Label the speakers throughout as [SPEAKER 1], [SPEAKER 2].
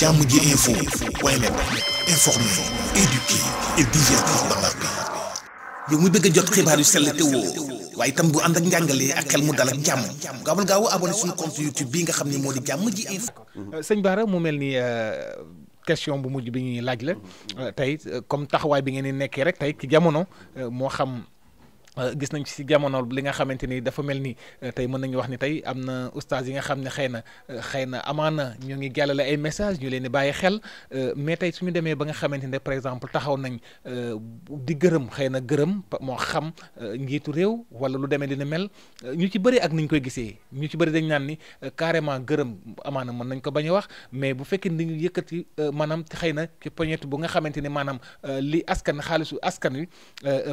[SPEAKER 1] jàmm ji info waaye nag informer, éduquer et divertir dans la bëgg a jot xibaar yu sell te woo waaye itam bu ànd ak njàngalee ak xel mu dal ak jàmm gaawal gaaw abonné suñu compte YouTube bii nga xam ne moo di jàmm ji info. sañ Bara mu mel ni euh, question bu mujj bi ñuy laaj la mm-hmm. euh, tey comme taxawaay bi ngeen nekkee rek tey ci jamono euh, moo xam. Euh, gis nañ ci jamono li nga xamante ni dafa mel ni euh, tey mën nañu wax ni tey am na oustaz yi nga xam ne xëy na euh, xëy na amaana ñoo ngi jàllale ay message ñu leen di bàyyi xel mais tey su ñu demee ba nga xamante ne par exemple taxaw nañ di gërëm xëy na gërëm moo xam njiitu réew wala lu demee dina mel ñu ci bëri ak niñ koy gisee ñu ci bëri dañ naan ni carrément gërëm amaana mën nañ ko bañ a wax mais bu fekkee ni ñu yëkkati maanaam xëy na ci poñet nga xamante ni maanaam li askan xaalisu askan wi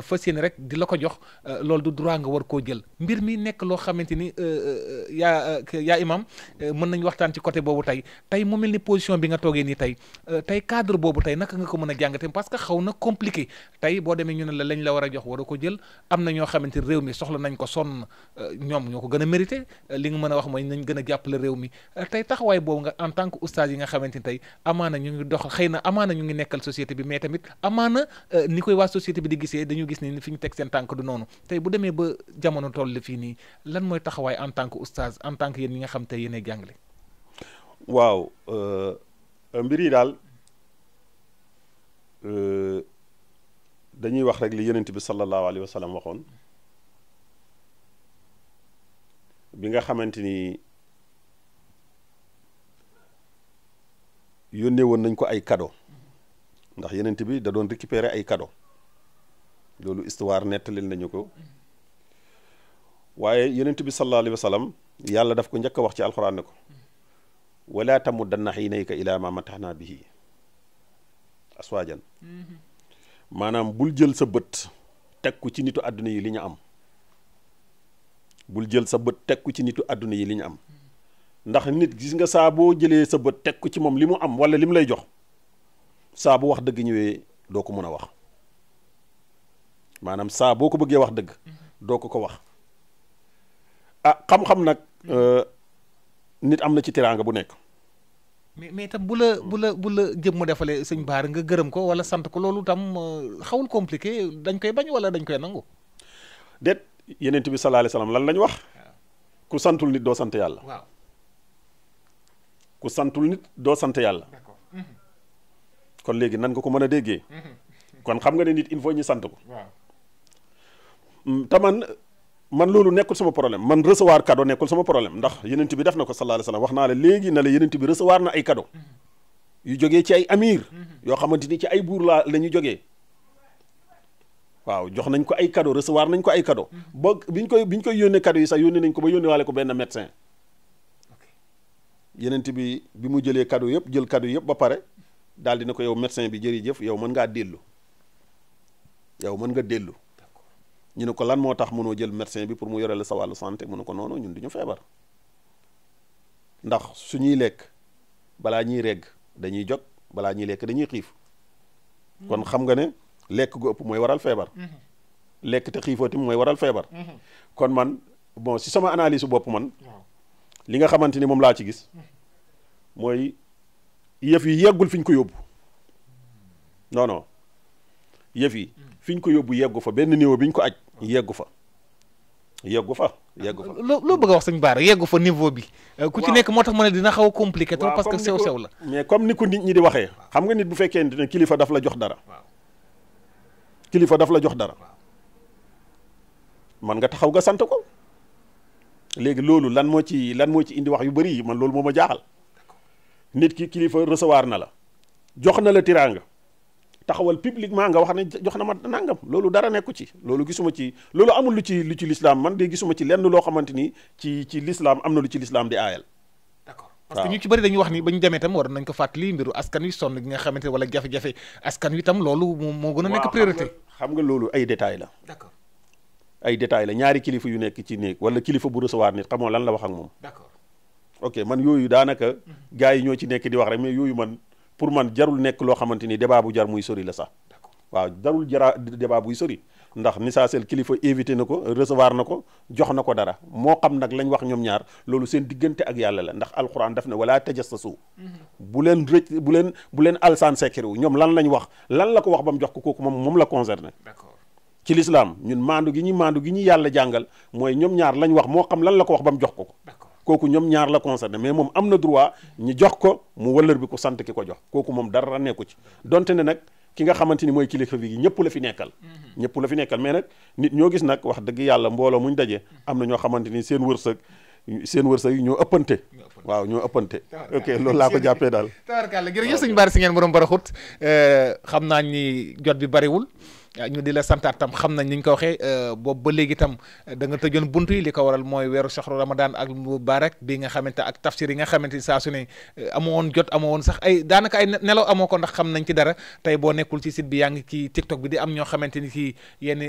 [SPEAKER 1] fas yéene rek di la ko jox Euh, loolu du droit nga war koo jël mbir mi nekk loo xamante ni euh, euh, yaa yaa imam mën nañu waxtaan ci côté boobu tey tey mu mel ni position bi nga toogee nii tey tey cadre boobu tey naka nga ko mën a jàngate parce que xaw na compliqué tey boo demee ñu ne la lañ la war a jox war a ko jël am na ñoo xamante réew mi soxla nañ ko sonn ñoom ñoo ko gën a mérité li nga mën a wax mooy nañ gën a jàppale réew mi tey taxawaay boobu nga en tant que oustaz yi nga xamante ni tey amaana ñu ngi dox ngi nekkal société bi mais tamit amaana ni koy waa société bi di gisee dañu gis ne fi ñu teg seen tànk tey bu demee ba jamono toll fii nii lan mooy taxawaay en tant que oustaz en tant que yéen nga xam te yéen ay jàngale.
[SPEAKER 2] waaw euh, mbir yi daal euh, dañuy wax rek li yonent bi sallallahu alayhi wa waxoon bi nga xamante ni yónnee woon nañ ko ay kado ndax yonent bi da doon récupérer ay kado loolu histoire nettalil nañu ko waaye yonent bi sallallahu alayhi wa yàlla daf ko njëkk a wax ci alxuraan ne ko wala tamuddanna aynayka ilaa maa mataxnaa bihi aswaajan maanaam bul jël sa bët teg ko ci nitu àdduna yi li ñu am bul jël sa bët teg ko ci nitu àdduna yi li ñu am ndax nit gis nga saa boo jëlee sa bët teg ko ci moom li mu am wala li mu lay jox saa bu wax dëgg ñëwee doo ko mën a wax maanaam saa boo ko bëggee wax dëgg doo ko ko wax ah xam-xam nag euh, nit am na ci teraanga bu nekk.
[SPEAKER 1] mais mais tam bu la bu la bu la jëm mu defalee sëñ baar nga gërëm ko wala sant ko loolu tam euh, xawul compliqué dañ koy bañ wala dañ koy nangu.
[SPEAKER 2] déet yeneen bi sallallahu alayhi wa sallam lan lañ wax. ku santul nit doo sant yàlla. waaw ku santul nit doo sant yàlla. kon léegi nan nga ko mën a déggee. Mhm. kon xam nga ne nit il faut ñu sant ko. te man man loolu nekkul suma problème man recevoir cadeau nekkul sama problème ndax yenent bi def na ko sallallahu alayhi wax naa la léegi na la yenent bi recevoir na ay cadeau yu jógee ci ay amir yoo xamante ni ci ay buur laa la ñu waaw jox nañ ko ay cadeau recevoir nañ ko ay kado ba biñ koy biñ koy yónnee cadeau yi sax yónnee nañ ko ba yónnee waale ko benn médecin yenent bi bi mu jëlee kado yëpp jël cadeau yëpp ba pare daal dina ko yow médecin bi jërëjëf yow mën ngaa dellu mën nga dellu ñu ne ko lan moo tax mënoo jël médecin bi pour mu yore la sa wàllu santé mu ne ko noonu ñun du ñu feebar ndax su ñuy lekk balaa ñuy regg dañuy jog balaa ñuy lekk dañuy xiif kon mm-hmm. xam nga ne lekk gu ëpp mooy waral feebar mm-hmm. lekk te xiifoo tamit mooy waral feebar mm-hmm. kon man bon si sama analyse bopp man li nga xamante ni moom laa ci gis mooy yëf yi yeggul fi ñu ko yóbbu non yëf yi mm. fi ñu ko yóbbu yeggu fa benn niveau bi ñu ko aj yeggu fa yeggu fa yeggu fa loo bëgg a wax sëñ Bara yeggu fa niveau bi euh, ku ci nekk moo tax ma ne dina xaw a compliqué trop parce que sew sew la mais comme ni ko nit ñi di waxee xam nga nit bu fekkee ne kilifa daf la jox dara kilifa daf la jox dara man nga taxaw nga sant ko léegi loolu lan moo ci lan moo ci indi wax yu bëri yi man loolu moo ma jaaxal nit ki kilifa recevoir na la jox na la tiraanga taxawal publiquement nga wax ne jox na ma nangam loolu dara nekku ci loolu gisuma ci loolu amul lu ci lu ci lislaam man de gisuma ci lenn loo xamante ni ci ci lislaam am na lu ci lislaam di aayal parce que
[SPEAKER 1] ñu ci bëri dañuy wax ni ba ñu demee tam war nañ ko fàttali mbiru askan wi sonn gi nga xamante wala jafe-jafe askan wi tam loolu moom moo gën a nekk priorité
[SPEAKER 2] xam nga loolu ay détails la d'accord ñaari kilifa yu nekk ci néeg wala kilifa bu recevoir nit xamoo lan la wax ak moom d'accord ok man yooyu daanaka mhm. gars yi ñoo ci nekk di wax rek mais yooyu man pour man jarul nekk loo xamante ni débat bu jar muy sori la sax waaw jarul jara débat buy sori ndax Missa Sène kilifa invité na ko recevoir na ko jox na ko dara moo xam nag lañ wax ñoom ñaar loolu seen diggante ak yàlla la ndax alxuraan daf ne wala tajassasu mhm. bu leen rëcc bu leen bu leen alsaan secret wu ñoom lan lañ wax lan la ko wax ba mu jox ko kooku moom moom la concerné d'accord ci l'islam ñun maandu gi ñu maandu gi ñu yàlla jàngal mooy ñoom ñaar lañ wax moo xam lan la ko wax ba mu jox kooku ñoom ñaar la concerné mais moom am na droit ñu jox ko mu wëllër bi ko sant ki ko jox kooku moom dara nekku ci donte ne nag ki nga xamante ni mooy kilifa bi ñëpp la fi nekkal mm-hmm. la fi nekkal mais nag nit ñoo gis nag wax dëgg yàlla mbooloo muñ dajee am na ñoo xamante ni seen wërsëg seen wërsëg yi ñoo ëppante waaw ñoo ëppante ok loolu laa ko jàppee daal
[SPEAKER 1] a jërëjëf suñu baari si ngeen borom baraxut eh, xam naa ni jot bi bariwul Ah, ñu di la santaat tam xam nañ ni ñu ko waxee euh, boobu ba léegi tam euh, da nga tëjoon bunt yi li ko waral mooy weeru saxru ramadan ak mubarak bii nga xamante ak tafsir yi nga xamante saa su ne euh, amoo jot amoo woon sax ay daanaka ay nelaw amoo ko ndax xam nañ ci dara tey boo nekkul ci site bi yaa ngi ci tiktok bi di am ñoo xamante ni ci yenn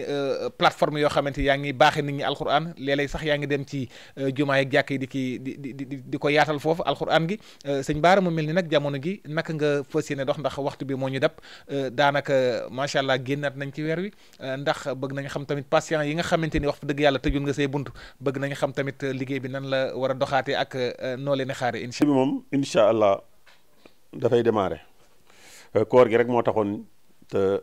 [SPEAKER 1] plateforme yoo xamante yaa ngi baaxe nit ñi alquran léeg-léeg sax yaa ngi dem ci jumaa yi jàkk yi di ki di di di ko yaatal foofu alquran gi sëñ Baara mu mel ni nag jamono gi naka nga fas yéene dox ndax waxtu bi moo ñu dab daanaka macha allah génnaat nañ ci weer wi euh, ndax bëgg nañ xam tamit patient yi nga xamante ni wax dëgg yàlla tëjul nga say bunt bëgg nañu xam tamit euh, liggéey bi nan la war a doxaate ak euh, noo leen xaare incha bi moom
[SPEAKER 2] incha allah dafay démarrer koor gi rek moo taxoon te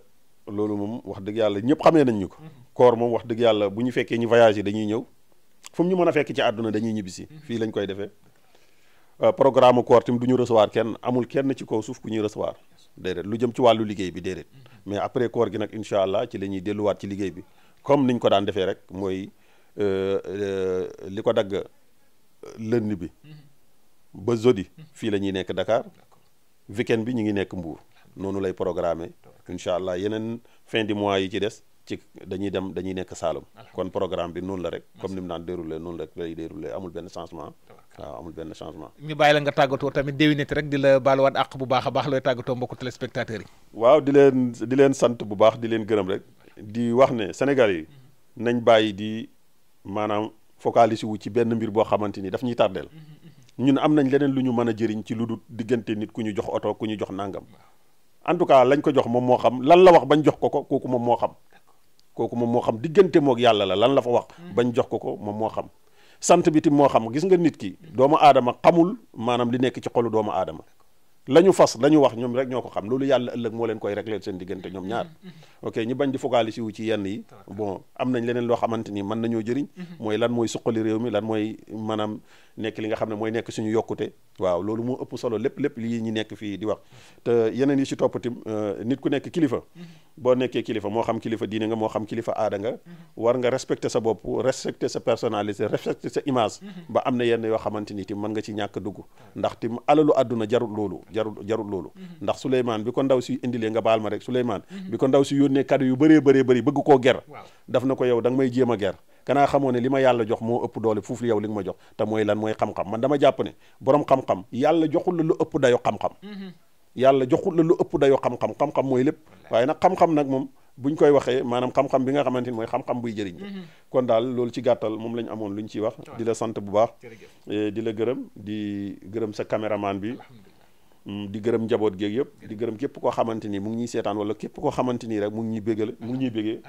[SPEAKER 2] loolu moom wax dëgg yàlla ñëpp xamee nañ ñu ko mm-hmm. koor moom wax dëgg yàlla bu ñu fekkee ñu voyagé dañuy ñëw fu mu ñu mën a fekk ci àdduna dañuy ñibbisi mm-hmm. fii lañ koy defee programme koor tamit du ñu recevoir kenn amul kenn ci kaw suuf ku ñuy recevoir déedéet lu jëm ci wàllu liggéey bi déedéet mais après koor gi nag incha allah ci la ñuy delluwaat ci liggéey bi comme niñ ko daan defee rek mooy euh, euh, li ko dagg lënd bi ba jeudi fii la ñuy nekk Dakar weekend bi ñu ngi nekk Mbour noonu lay programmer incha allah yeneen fin du mois yi ci des ci dañuy dem dañuy nekk Saalum kon programme bi noonu la rek comme ni mu naan déroulé noonu la rek lay déroulé amul benn changement waaw amul benn changement
[SPEAKER 1] ñu bàyyi la nga tàggatoo tamit déwénati rek di la baaluwaat àq bu baax a baax looy tàggatoo mbokku téléspectateurs
[SPEAKER 2] leen sant bu baax di leen gërëm rek di wax ne Sénégal yi mhm. nañ bàyyi di maanaam focaliser wu ci benn mbir boo xamante ni daf ñuy tardeel mhm, mhm. ñun am nañ leneen lu ñu mën a jëriñ ci lu dul diggante nit ku ñu jox oto ku ñu jox nangam en tout cas lañ ko jox moom moo xam lan la wax bañ jox ko ko kooku moom moo xam kooku moom moo xam diggante moog yàlla la lan la fa wax bañ jox ko ko moom moo xam sant bi tim moo xam gis nga nit ki doomu aadama xamul maanaam li nekk ci xolu doomu aadama la ñu fas la wax ñoom rek ñoo ko xam loolu yàlla ëllëg moo leen koy réglé seen diggante ñoom ñaar mm-hmm. ok ñu bañ di focaliser wu ci yenn yi bon am nañ leneen loo xamante ni mën nañoo jëriñ mm-hmm. mooy lan mooy suqali réew mi lan mooy maanaam nekk li nga xam ne mooy nekk suñu yokkute waaw loolu moo ëpp solo lépp lépp lii ñu nekk fii di wax te yeneen yi ci euh, nit ku nekk kilifa mm-hmm. boo nekkee kilifa moo xam kilifa diine nga moo xam kilifa aada nga mhm. war nga respecter sa bopp respecter sa personnalité respecter sa image mhm. ba am na yenn yoo xamante ni tim man nga ci ñàkk dugg ndax tim alalu àdduna jarul loolu jarul jarul loolu mhm. ndax Souleymane bi ko ndaw si indilee nga baal ma rek Souleymane bi ko ndaw si yónnee kàddu yu bëree bëree bëri bëgg koo ger daf na ko yow da nga may jéem a ger kanaa xamoo ne li ma yàlla jox moo ëpp doole fuuf li yow li ma jox te mooy lan mooy xam-xam man dama jàpp ne borom xam-xam yàlla joxul la lu ëpp dayo xam-xam yàlla joxul la lu ëpp dayoo xam-xam xam-xam mooy lépp waaye nag xam-xam nag moom bu ñu koy waxee maanaam xam-xam bi nga xamante ni mooy xam-xam buy jëriñ mm-hmm. kon daal loolu ci gàttal moom lañ amoon ñu ciy wax di la sant bu baax eh, di la gërëm di gërëm sa caméraman bi mm, di gërëm njaboot géeg yëpp di gërëm képp koo xamante ni mu ngi ñuy seetaan wala képp koo xamante nii rek mu ngi ñuy bégale mu ngi ñuy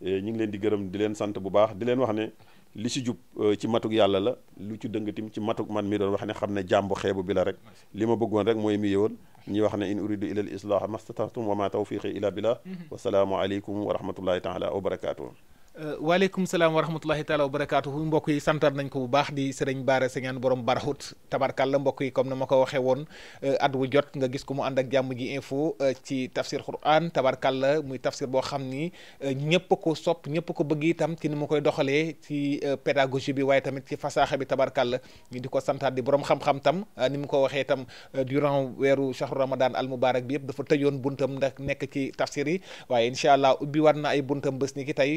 [SPEAKER 2] eh, ñu ngi leen di gërëm di leen sant bu baax di leen wax ne li si jub euh, ci matuk yàlla la lu ci dëngatim ci matuk man mi doon wax ne xam ne jàmbu xeebu bi la rek li ma bëggoon rek mooy mi yëwoon ñi wax ne in uridu ila al islah mastataatum wa ma tawfiqi ila billah mm-hmm. wa salaamu aleykum wa rahmatullahi taala wa barakatuh
[SPEAKER 1] Uh, waaleykum salaam wa rahmatullahi taala wa barakaatuhu mbokk yi santar nañ ko bu baax di sëriñ Baara Sañaan borom barahut tabarkal la mbokk yi comme na ma ko waxee woon uh, at wu jot nga gis ko mu ànd ak jàmm ji info uh, ci tafsir quran tabarkal la muy tafsir boo xam ni ñëpp ko sopp ñëpp ko bëgg tam ci ni ma koy doxalee ci pédagogie bi waaye tamit ci fasaaxa bi tabarkal la ñu di ko santaat di borom xam-xam tam ni mu ko waxee tam durant weeru shahru ramadan al mubarak bi yëpp dafa tëjoon buntam ndax nekk ci tafsir yi waaye incha allah ubbi war na ay buntam bés ni ki tey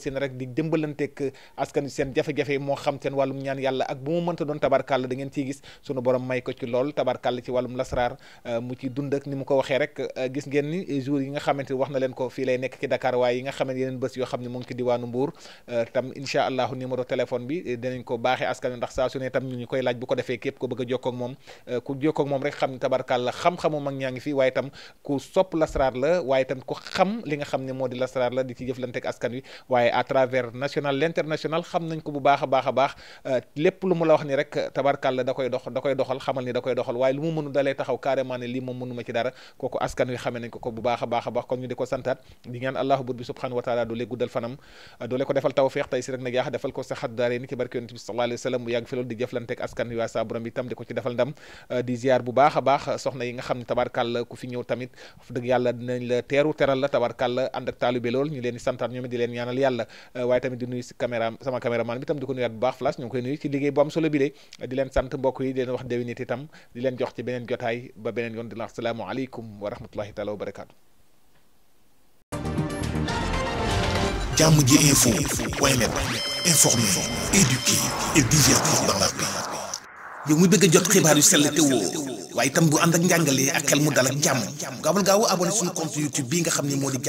[SPEAKER 1] seen rek di démbalanteeg askan wi seen jafe-jafe moo xam seen wàllum ñaan yàlla ak bu mu mënta doon tabarkàlla da ngeen ciy gis sunu borom may ko ci lool tabarkàlla ci wàllum lasraar euh, mu ci dund ak ni mu ko waxee rek euh, gis ngeen ni jours yi nga xamante wax na leen ko fii lay nekk ci Dakar waaye yi nga xam ne yeneen bés yoo xam ne mu ngi ci diwaanu Mbour euh, tam bi dinañ ko baaxee askan wi ndax saa tam ñu ñu koy laaj bu ko defee képp ko bëgg a jokkoo moom ku jokkoo ak moom rek xam ne tabarkàlla xam-xamu mag ñaa ngi tam ku sopp lasraar la waaye tam ku xam li nga xam ne moo di lasraar la di ci jëflanteeg askan wi waaye waaye à travers national l'international xam nañ ko bu baax a baax a baax euh, lépp lu mu la wax ni rek tabarkàlla da koy dox da doxal xamal ni da doxal waaye lu mu mënu dalee taxaw carrément ne lii moom mënuma ci dara kooku askan wi xamee nañ ko bu baax a baax a kon ñu di ko santaat di ñaan allahu bur bi subhanahu doole guddal fanam euh, doole ko defal tawfiq tey si rek nag yaax defal ko saxat daare ni ci ko ci defal ndam euh, di ziar bu baax a la euh, waaye tamit di nuyu si caméra sama bi tam di ko nuyaat bu baax flash ñu koy nuyu ci liggéey bu am solo bi de di leen sant mbokk yi di leen wax déwénit itam di leen jox ci beneen jotaay ba beneen yoon di la asalaamaaleykum wa rahmatullahi taala wa barakaatu. jàmm ji info point net informer, éduquer et divertir dans la paix. yow a jot xibaar yu sell te woo waaye itam bu ànd ak njàngalee ak xel mu dal ak jàmm gaawal gaaw abonné suñu compte YouTube bii nga xam ne moo di